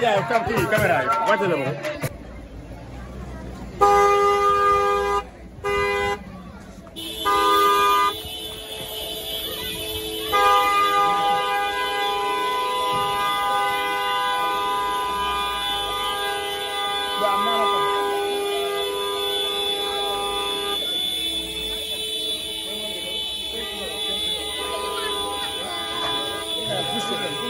Yeah, come to you, come here. What's the number? Thank you.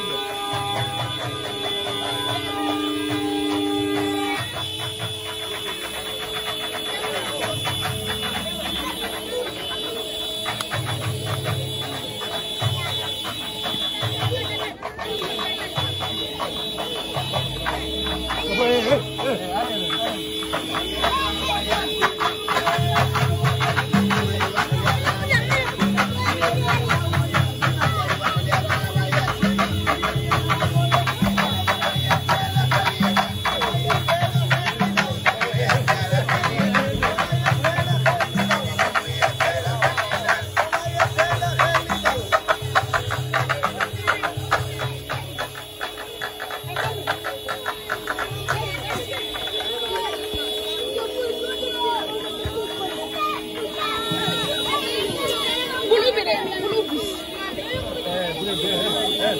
ma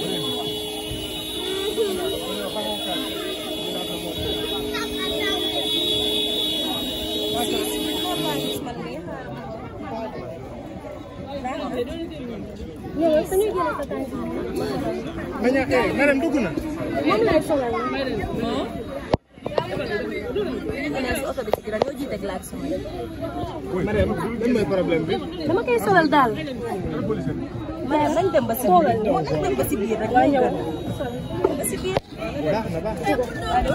ñàkk a Marème dugg na. moom laay solal. non. Marème lan mooy problème bi. dama koy solal daal. maanaam nañ dem ba si biir moo dem ba si biir rek. waaw ñëw ba si biir. baax na baax na.